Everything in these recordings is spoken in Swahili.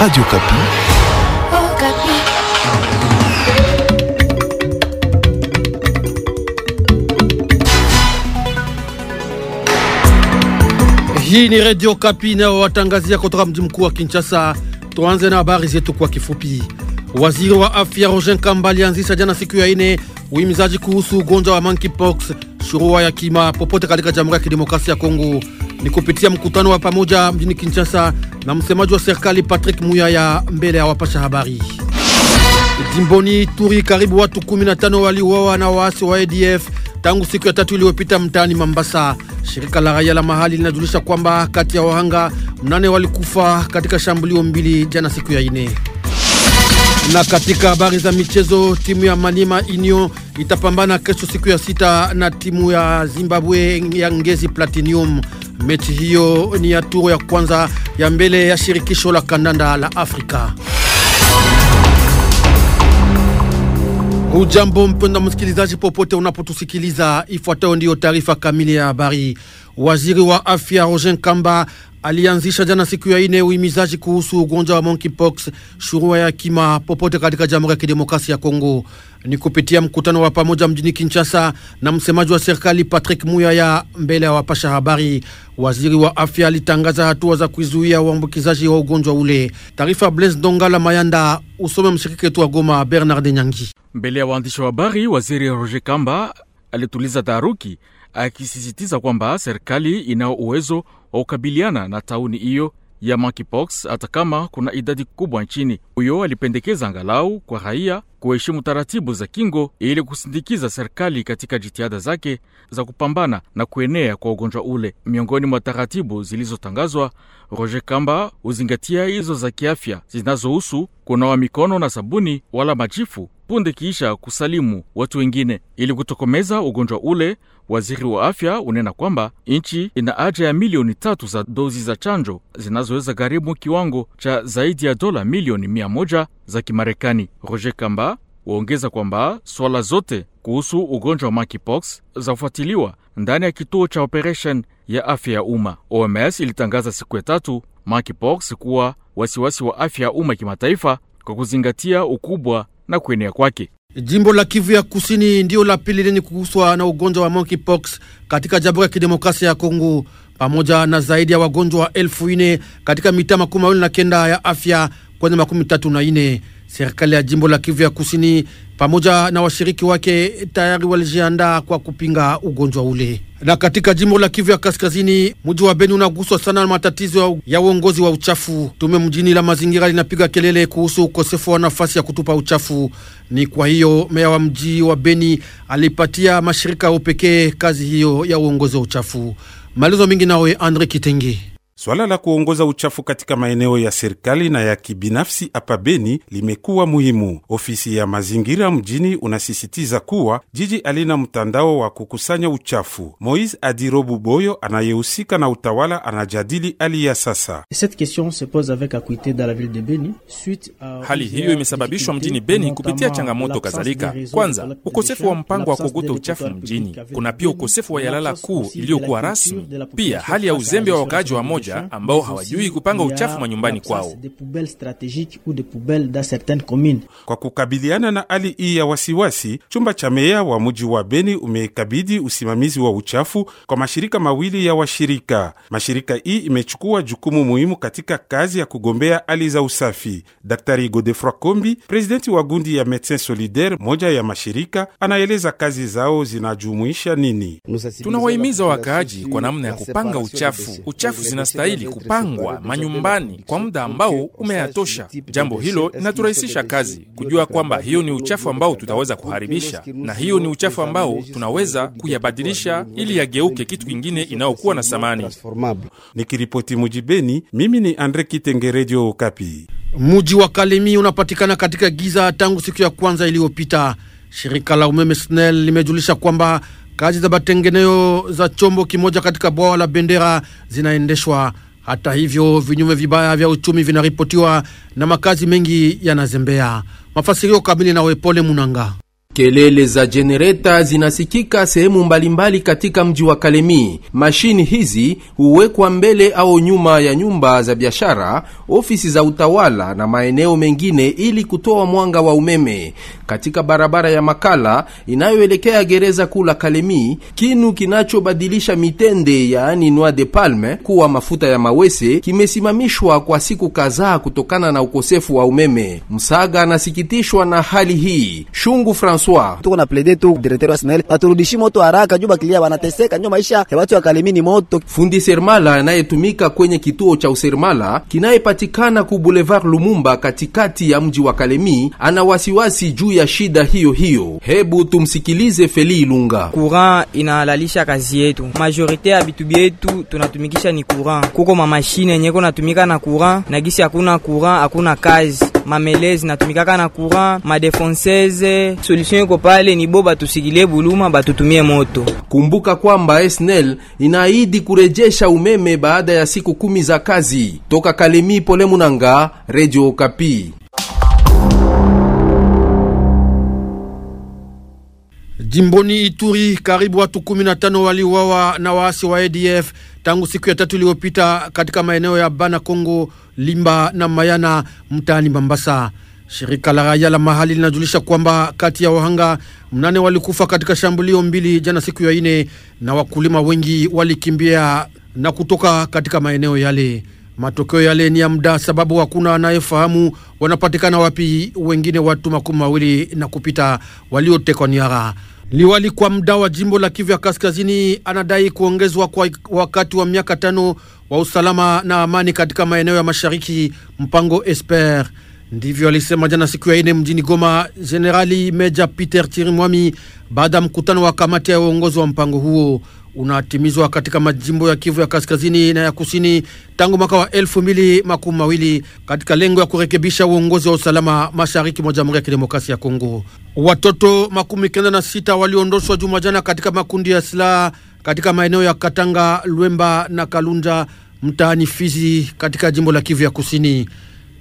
Radio Kapi. Oh, Kapi. Hii ni Radio Kapi nao watangazia kutoka mji mkuu wa Kinshasa. Tuanze na habari zetu kwa kifupi. Waziri wa afya Roger Kamba alianzisha jana siku ya ine uhimizaji kuhusu ugonjwa wa monkeypox, shurua ya kima popote katika Jamhuri ya Kidemokrasia ya Kongo ni kupitia mkutano wa pamoja mjini Kinshasa na msemaji wa serikali Patrick Muyaya mbele ya wapasha habari. Jimboni Turi, karibu watu 15 waliuawa na waasi wa ADF tangu siku ya tatu iliyopita mtaani Mambasa. Shirika la raia la mahali linajulisha kwamba kati ya wahanga mnane walikufa katika shambulio mbili jana siku ya ine. Na katika habari za michezo, timu ya Maniema Union itapambana kesho siku ya sita na timu ya Zimbabwe ya Ngezi Platinum. Mechi hiyo ni ya turo ya kwanza ya mbele ya shirikisho la kandanda la Afrika. ujambo mpenda msikilizaji, popote unapotusikiliza, ifuatayo ndiyo taarifa kamili ya habari. Waziri wa afya Roger Kamba alianzisha jana siku ya ine uhimizaji kuhusu ugonjwa wa monkeypox, shurua ya kima popote katika Jamhuri ya Kidemokrasia ya Kongo. Ni kupitia mkutano wa pamoja mjini Kinshasa na msemaji wa serikali Patrick Muyaya mbele ya wapasha habari. Waziri wa afya alitangaza hatua za kuizuia uambukizaji wa ugonjwa ule. Taarifa Blaise Dongala Mayanda, usome mshiriki wetu wa Goma Bernard Nyangi. Mbele ya waandishi wa habari, waziri Roger Kamba alituliza taharuki akisisitiza kwamba serikali inayo uwezo wa kukabiliana na tauni hiyo ya monkeypox hata kama kuna idadi kubwa nchini. Huyo alipendekeza angalau kwa raia kuheshimu taratibu za kingo ili kusindikiza serikali katika jitihada zake za kupambana na kuenea kwa ugonjwa ule. Miongoni mwa taratibu zilizotangazwa, Roger Kamba huzingatia hizo za kiafya zinazohusu kunawa mikono na sabuni wala majifu punde kiisha kusalimu watu wengine ili kutokomeza ugonjwa ule. Waziri wa afya unena kwamba nchi ina haja ya milioni tatu za dozi za chanjo zinazoweza gharimu kiwango cha zaidi ya dola milioni mia moja za Kimarekani. Roger Kamba Waongeza kwamba swala zote kuhusu ugonjwa wa monkeypox zafuatiliwa ndani ya kituo cha operation ya afya ya umma. OMS ilitangaza siku ya tatu monkeypox kuwa wasiwasi wa afya ya umma kimataifa kwa kuzingatia ukubwa na kuenea kwake. Jimbo la Kivu ya Kusini ndiyo la pili lenye kuguswa na ugonjwa wa monkeypox katika Jamhuri ya Kidemokrasia ya Kongo, pamoja na zaidi ya wagonjwa wa elfu ine katika mitaa makumi mawili na kenda ya afya kwenye makumi tatu na ine. Serikali ya jimbo la Kivu ya Kusini pamoja na washiriki wake tayari walijiandaa kwa kupinga ugonjwa ule. Na katika jimbo la Kivu ya Kaskazini, mji wa Beni unaguswa sana na matatizo ya uongozi wa uchafu. Tume mjini la mazingira linapiga kelele kuhusu ukosefu wa nafasi ya kutupa uchafu. Ni kwa hiyo meya wa mji wa Beni alipatia mashirika ya pekee kazi hiyo ya uongozi wa uchafu. Maelezo mingi nawe Andre Kitenge. Swala la kuongoza uchafu katika maeneo ya serikali na ya kibinafsi hapa Beni limekuwa muhimu. Ofisi ya mazingira mjini unasisitiza kuwa jiji alina mtandao wa kukusanya uchafu. Moise Adirobu Boyo anayehusika na utawala anajadili hali ya sasa. Hali hiyo imesababishwa mjini Beni kupitia changamoto kadhalika. Kwanza, ukosefu wa mpango wa kuogota uchafu mjini. Kuna pia ukosefu wa yalala kuu iliyokuwa rasmi, pia hali ya uzembe wa wakaaji wa moja moja ambao hawajui kupanga uchafu manyumbani kwao. Kwa kukabiliana na hali hii ya wasiwasi, chumba cha meya wa muji wa Beni umekabidhi usimamizi wa uchafu kwa mashirika mawili ya washirika. Mashirika hii imechukua jukumu muhimu katika kazi ya kugombea hali za usafi. Daktari godefroi Kombi, presidenti wa gundi ya Medecins Solidaire, moja ya mashirika, anaeleza kazi zao zinajumuisha nini. Tunawahimiza wakaaji kwa namna ya kupanga uchafu. Uchafu zina yanastahili kupangwa manyumbani kwa muda ambao umeyatosha. Jambo hilo inaturahisisha kazi, kujua kwamba hiyo ni uchafu ambao tutaweza kuharibisha, na hiyo ni uchafu ambao tunaweza kuyabadilisha ili yageuke kitu kingine inayokuwa na thamani. Nikiripoti Mujibeni, mimi ni Andre Kitenge, Redio Okapi. Muji wa Kalemi unapatikana katika giza tangu siku ya kwanza iliyopita. Shirika la umeme SNEL limejulisha kwamba Kazi za matengeneo za chombo kimoja katika bwawa la Bendera zinaendeshwa. Hata hivyo, vinyume vibaya vya uchumi vinaripotiwa na makazi mengi yanazembea. Mafasirio kamili na Wepole Munanga. Kelele za jenereta zinasikika sehemu mbalimbali katika mji wa Kalemi. Mashini hizi huwekwa mbele au nyuma ya nyumba za biashara, ofisi za utawala na maeneo mengine ili kutoa mwanga wa umeme. Katika barabara ya Makala inayoelekea gereza kuu la Kalemi, kinu kinachobadilisha mitende yaani noix de palme kuwa mafuta ya mawese kimesimamishwa kwa siku kadhaa kutokana na ukosefu wa umeme. Msaga anasikitishwa na hali hii. Shungu François. Tuko na plede tu directeur wa SNEL aturudishi moto haraka juu bakilia wanateseka, ndio maisha ya watu wa Kalemi moto. Fundi sermala anayetumika kwenye kituo cha usermala kinayepatikana ku Boulevard Lumumba katikati ya mji wa Kalemi ana wasiwasi juu ya shida hiyo hiyo. Hebu tumsikilize Feli Ilunga. Courant inalalisha kazi yetu, majorite ya bitu bietu tunatumikisha ni courant. Kuko ma mashine yenye kunatumika na courant na gisi, hakuna courant hakuna kazi mamelezi natumikaka na courant madefenseze. Solution iko pale, ni bo batusikilie buluma, batutumie moto. Kumbuka kwamba SNEL inaahidi kurejesha umeme baada ya siku kumi za kazi. Toka Kalemi, Pole Munanga, Radio Okapi. Jimboni Ituri karibu watu 15 na waliuawa na waasi wa ADF tangu siku ya tatu iliyopita katika maeneo ya Bana Kongo, Limba na Mayana mtaani Mambasa. Shirika la raia la mahali linajulisha kwamba kati ya wahanga mnane walikufa katika shambulio mbili jana siku ya ine, na wakulima wengi walikimbia na kutoka katika maeneo yale. Matokeo yale ni ya muda, sababu hakuna anayefahamu wanapatikana wapi wengine watu makumi mawili na kupita waliotekwa nyara. Liwali kwa muda wa jimbo la Kivu ya Kaskazini anadai kuongezwa kwa wakati wa miaka tano wa usalama na amani katika maeneo ya mashariki, mpango Esper. Ndivyo alisema jana siku ya ine mjini Goma Generali Meja Peter Chirimwami baada ya mkutano wa kamati ya uongozi wa mpango huo unatimizwa katika majimbo ya Kivu ya kaskazini na ya kusini tangu mwaka wa elfu mbili makumi mawili katika lengo ya kurekebisha uongozi wa usalama mashariki mwa Jamhuri ya Kidemokrasia ya Kongo. Watoto makumi kenda na sita waliondoshwa juma jana katika makundi ya silaha katika maeneo ya Katanga, Lwemba na Kalunja mtaani Fizi katika jimbo la Kivu ya kusini.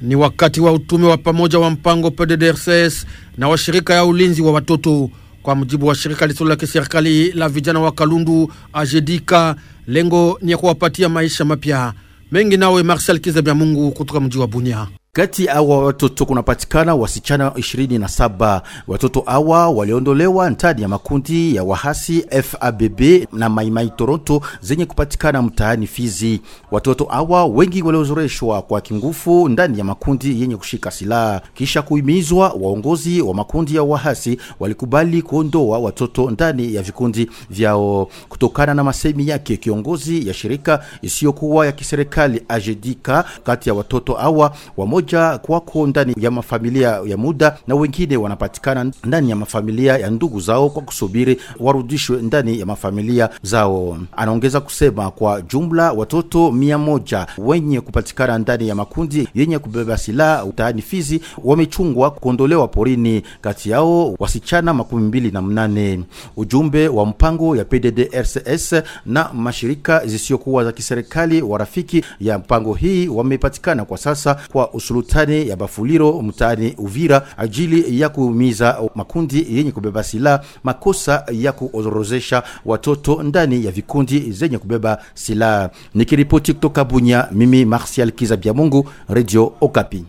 Ni wakati wa utume wa pamoja wa mpango PDDRCS na washirika ya ulinzi wa watoto kwa mujibu wa shirika lisilo la kiserikali la vijana wa Kalundu Ajedika, lengo ni ya kuwapatia maisha mapya mengi. Nawe Marcel Kizabya Mungu kutoka mji wa Bunia. Kati awa watoto kunapatikana wasichana 27. Watoto awa waliondolewa ndani ya makundi ya wahasi FABB na Maimai Toronto zenye kupatikana mtaani Fizi. Watoto awa wengi waliozoreshwa kwa kingufu ndani ya makundi yenye kushika silaha. Kisha kuimizwa waongozi wa makundi ya wahasi walikubali kuondoa watoto ndani ya vikundi vyao. Kutokana na masemi yake kiongozi ya shirika isiyokuwa ya kiserikali ajedika, kati ya watoto awa wa moja kwako ndani ya mafamilia ya muda, na wengine wanapatikana ndani ya mafamilia ya ndugu zao kwa kusubiri warudishwe ndani ya mafamilia zao. Anaongeza kusema kwa jumla watoto mia moja wenye kupatikana ndani ya makundi yenye kubeba silaha utaani Fizi wamechungwa kuondolewa porini, kati yao wasichana makumi mbili na mnane. Ujumbe wa mpango ya PDDRCS na mashirika zisiyokuwa za kiserikali wa rafiki ya mpango hii wamepatikana kwa sasa kwa usu sultani ya Bafuliro mtaani Uvira ajili ya kuumiza makundi yenye kubeba silaha, makosa ya kuorozesha watoto ndani ya vikundi zenye kubeba silaha. Nikiripoti kutoka Bunya, mimi Martial Kiza Bya Mungu, Radio Okapi.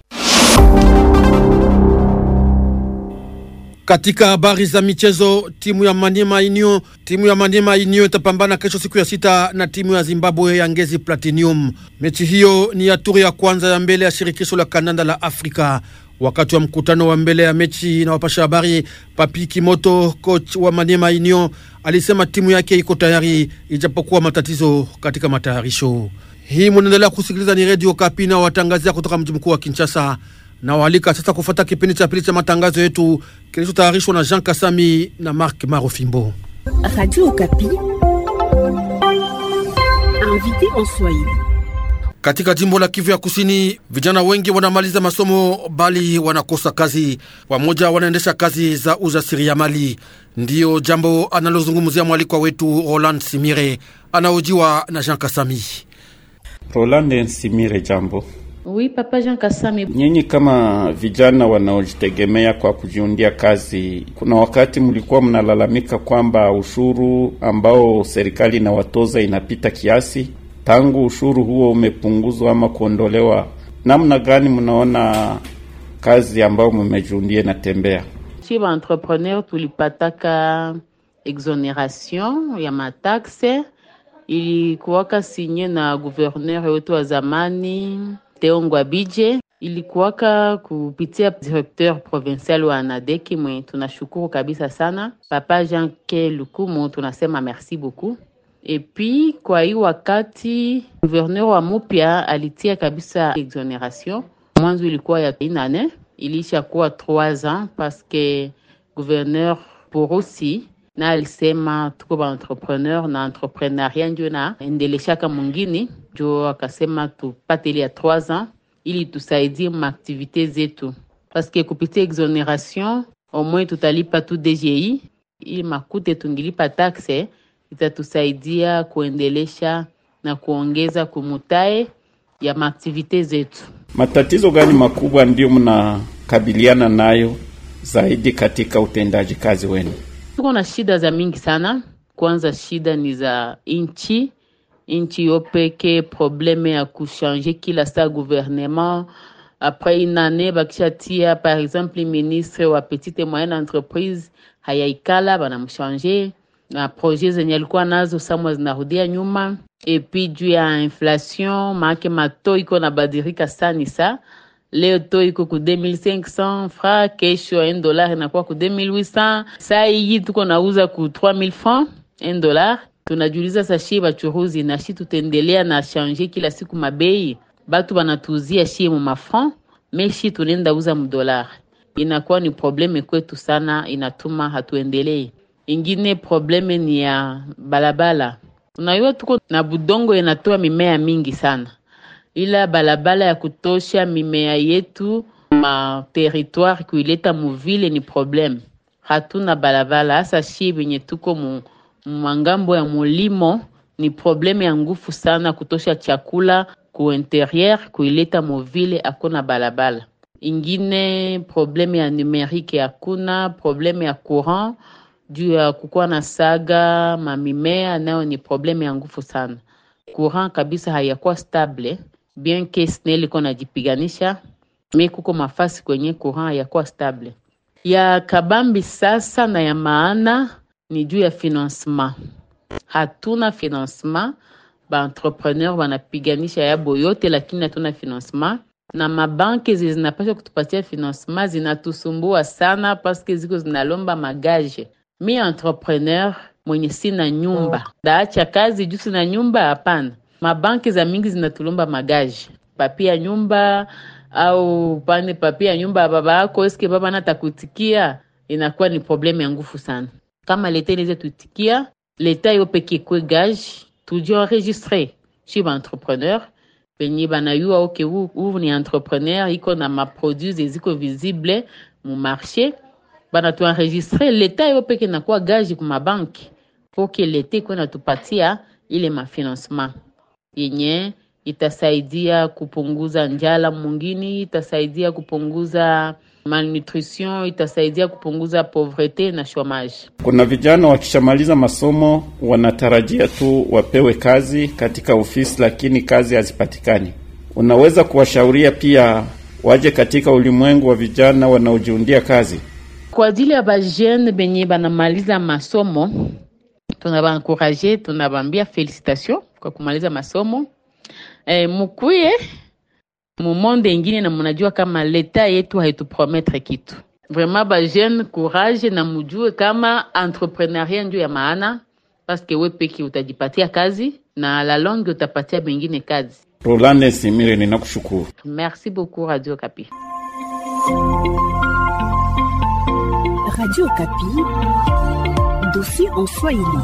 Katika habari za michezo, timu ya Maniema Union timu ya Maniema Union itapambana kesho siku ya sita na timu ya Zimbabwe ya Ngezi Platinum. Mechi hiyo ni ya turi ya kwanza ya mbele ya shirikisho la kandanda la Afrika. Wakati wa mkutano wa mbele ya mechi na wapasha habari, Papi Kimoto, coach wa Maniema Union, alisema timu yake iko tayari ijapokuwa matatizo katika matayarisho. Hii munaendelea kusikiliza, ni Radio Kapi na watangazia kutoka mji mkuu wa Kinshasa na waalika sasa kufuata kipindi cha pili cha matangazo yetu kilichotayarishwa na Jean Kasami na Mark Marofimbo. Radio Okapi invité en Swahili. Katika jimbo la Kivu ya Kusini, vijana wengi wanamaliza masomo bali wanakosa kazi, wamoja wanaendesha kazi za ujasiriamali. Ndiyo jambo analozungumzia mwalikwa wetu Roland Simire, anaojiwa na Jean Kasami. Roland Simire, jambo Oui, Papa Jean Kasami, nyinyi kama vijana wanaojitegemea kwa kujiundia kazi, kuna wakati mlikuwa mnalalamika kwamba ushuru ambao serikali inawatoza inapita kiasi. Tangu ushuru huo umepunguzwa ama kuondolewa, namna gani mnaona kazi ambayo mmejiundia inatembea? Si ba entrepreneur tulipataka exoneration ya mataxe, ilikuwaka sinye na gouverneur wetu wa zamani Theo Ngwabidje ilikuwaka kupitia directeur provincial wa Anadeki mwe tunashukuru kabisa sana Papa Jean-Ke Lukumu, tunasema merci beaucoup. Epi kwa hii wakati gouverneur wa mupya alitia kabisa exoneration, mwanzo ilikuwa ya inane, iliisha kuwa 3 ans parce que gouverneur Porusi na alisema tuko ba entrepreneur na entrepreneuria njo na endeleshaka mwingine, njo akasema tupate ile ya 3 ans ili tusaidie maaktivite zetu, paske kupitia exoneration omwe tutalipa tu dji ili makute tungilipa taxe itatusaidia kuendelesha na kuongeza kumutae ya maaktivite zetu. Matatizo gani makubwa ndio mnakabiliana nayo zaidi katika utendaji kazi wenu? tuko na shida za mingi sana. Kwanza shida ni za nchi yo peke probleme ya kuchanger kila saa gouvernement apres une année bakishatia par exemple ministre wa petite moyenne entreprise hayaikala, banamchanger na ah, projet zenye alikuwa nazo samwa zinarudia nyuma, epi juu ya inflation maake mato iko na badirika sani sa Leo to iko ku 2500 francs, kesho en dollar inakuwa ku 2800. Saa hii tuko nauza ku 3000 francs en dollar. Tunajuliza shie bachuruzi na shi tutendelea na change kila siku mabei, batu banatuuzia shie mu mafran meshi tunenda uza mu dollar, inakuwa ni probleme kwetu sana, inatuma hatuendelei. Ingine probleme ni ya balabala, unajua tuko na budongo inatoa mimea mingi sana ila balabala ya kutosha mimea yetu materitwari kuileta muvile ni problemu. Hatuna balabala hasa shi venye tuko mu mangambo ya mulimo, ni probleme ya ngufu sana kutosha chakula ku interieur kuileta muvile, akuna balabala ingine. Probleme ya numerike hakuna, probleme ya courant juu ya kukuwa na saga mamimea, nayo ni probleme ya ngufu sana. Courant kabisa hayakuwa stable bien que SNEL iko najipiganisha me kuko mafasi kwenye courant yakuwa stable ya kabambi sasa, na ya maana ni juu ya financement. Hatuna financement, ba entrepreneur wanapiganisha yabo yote, lakini hatuna financement na mabanki zinapaswa kutupatia financement zinatusumbua sana, paske ziko zinalomba magaje. Mi entrepreneur mwenye sina nyumba, daacha oh. kazi juu sina nyumba? Hapana. Mabanki za mingi zinatulomba magaji ya nyumba au pane papia nyumba ya baba yako, eske baba nata kutikia, inakuwa ni probleme ya ngufu sana. Kama leta inaweza tutikia, leta yo peke kwe gaji tuji enregistre shi ba penye banayua oke uvu ni entrepreneur iko na maproduits eziko visible mu marché bana tu enregistre leta yo peke nakuwa gaji ku poke leta iko natupatia ile mafinancement yenye itasaidia kupunguza njala mwingine, itasaidia kupunguza malnutrition, itasaidia kupunguza povrete na shomage. Kuna vijana wakishamaliza masomo wanatarajia tu wapewe kazi katika ofisi, lakini kazi hazipatikani. Unaweza kuwashauria pia waje katika ulimwengu wa vijana wanaojiundia kazi kwa ajili ya bajene benye banamaliza masomo. tunabankuraje, tunabambia felicitation kwa kumaliza masomo e, mukuye mumonde ingine, na munajua kama leta yetu haituprometre kitu vraiment. Ba jeune courage, na mujue kama entrepreneuria ndio ya maana, paske we peke utajipatia kazi na la longue utapatia bengine kazi. Rolande Simire, ninakushukuru. Merci beaucoup Radio Kapi. Radio Kapi, dossier en Swahili.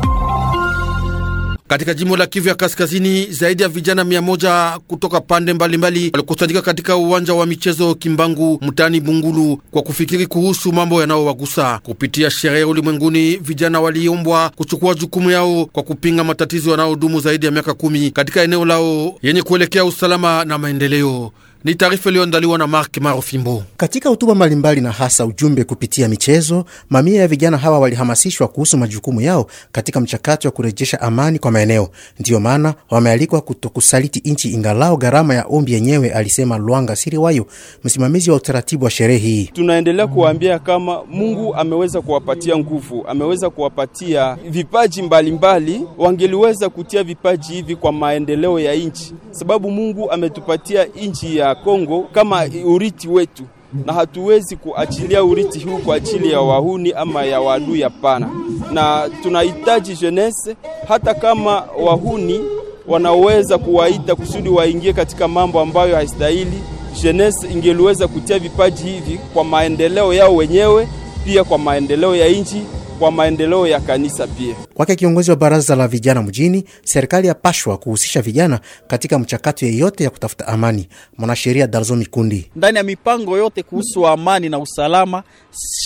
Katika jimbo la Kivu ya Kaskazini, zaidi ya vijana mia moja kutoka pande mbalimbali walikusanyika katika uwanja wa michezo Kimbangu mtaani Bungulu kwa kufikiri kuhusu mambo yanayowagusa kupitia sherehe ulimwenguni. Vijana waliombwa kuchukua jukumu yao kwa kupinga matatizo yanayodumu zaidi ya miaka kumi katika eneo lao yenye kuelekea usalama na maendeleo. Ni taarifa iliyoandaliwa na Mark Marofimbo. Katika hotuba mbalimbali na hasa ujumbe kupitia michezo, mamia ya vijana hawa walihamasishwa kuhusu majukumu yao katika mchakato wa kurejesha amani kwa maeneo. Ndiyo maana wamealikwa kutokusaliti nchi ingalao gharama ya ombi yenyewe, alisema Lwanga Siriwayo, msimamizi wa utaratibu wa sherehe hii. Tunaendelea kuwaambia kama Mungu ameweza kuwapatia nguvu, ameweza kuwapatia vipaji mbalimbali mbali, wangeliweza kutia vipaji hivi kwa maendeleo ya nchi, sababu Mungu ametupatia nchi ya ya Kongo kama uriti wetu, na hatuwezi kuachilia uriti huu kwa ajili ya wahuni ama ya wadui. Hapana, na tunahitaji jeunesse, hata kama wahuni wanaweza kuwaita kusudi waingie katika mambo ambayo haistahili. Jeunesse ingeliweza kutia vipaji hivi kwa maendeleo yao wenyewe, pia kwa maendeleo ya nchi kwa maendeleo ya kanisa pia. Kwake kiongozi wa baraza la vijana mjini, serikali yapashwa kuhusisha vijana katika mchakato yeyote ya kutafuta amani. Mwanasheria Darzo Mikundi: ndani ya mipango yote kuhusu amani na usalama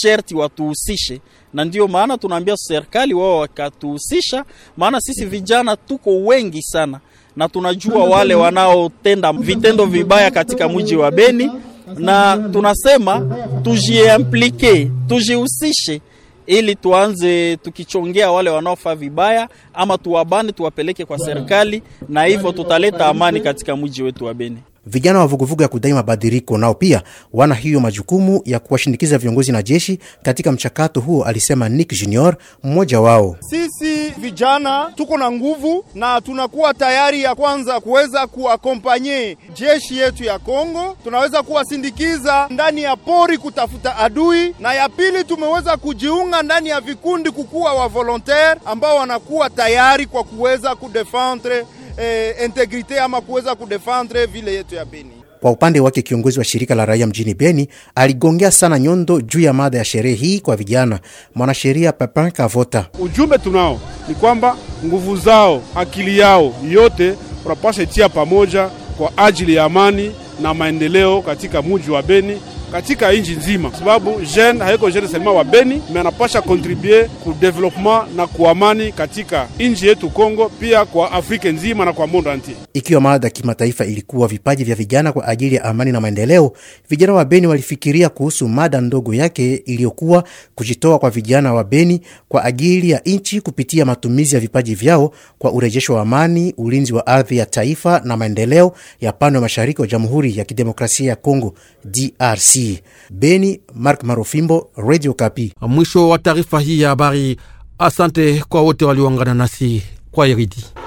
sherti watuhusishe, na ndiyo maana tunaambia serikali wao wakatuhusisha, maana sisi vijana tuko wengi sana na tunajua wale wanaotenda vitendo vibaya katika mji wa Beni, na tunasema tujiimplike, tujihusishe ili tuanze tukichongea wale wanaofaa vibaya, ama tuwabane tuwapeleke kwa serikali, na hivyo tutaleta amani katika mji wetu wa Beni. Vijana wa vuguvugu ya kudai mabadiliko nao pia wana hiyo majukumu ya kuwashindikiza viongozi na jeshi katika mchakato huo, alisema Nick Junior, mmoja wao. Sisi vijana tuko na nguvu na tunakuwa tayari ya kwanza kuweza kuakompanye jeshi yetu ya Kongo, tunaweza kuwasindikiza ndani ya pori kutafuta adui, na ya pili tumeweza kujiunga ndani ya vikundi kukuwa wa volontaire ambao wanakuwa tayari kwa kuweza kudefendre eh, integrite ama kuweza kudefendre vile yetu ya Beni. Kwa upande wake kiongozi wa shirika la raia mjini Beni aligongea sana nyondo juu ya mada ya sherehe hii kwa vijana. Mwanasheria papin Kavota: ujumbe tunao ni kwamba nguvu zao, akili yao yote unapasha itia pamoja kwa ajili ya amani na maendeleo katika muji wa Beni katika inji nzima, sababu jeune haiko jeune selima wa Beni me anapasha kontribue ku development na ku amani katika inji yetu Kongo, pia kwa Afrika nzima na kwa mondo anti. Ikiwa mada kimataifa ilikuwa vipaji vya vijana kwa ajili ya amani na maendeleo, vijana wa Beni walifikiria kuhusu mada ndogo yake iliyokuwa kujitoa kwa vijana wa Beni kwa ajili ya nchi kupitia matumizi ya vipaji vyao kwa urejesho wa amani, ulinzi wa ardhi ya taifa na maendeleo ya pande wa mashariki wa Jamhuri ya Kidemokrasia ya Kongo DRC. Beni, Mark Marofimbo, Radio Kapi. Mwisho wa taarifa hii ya habari. Asante kwa wote walioungana nasi kwa iridi.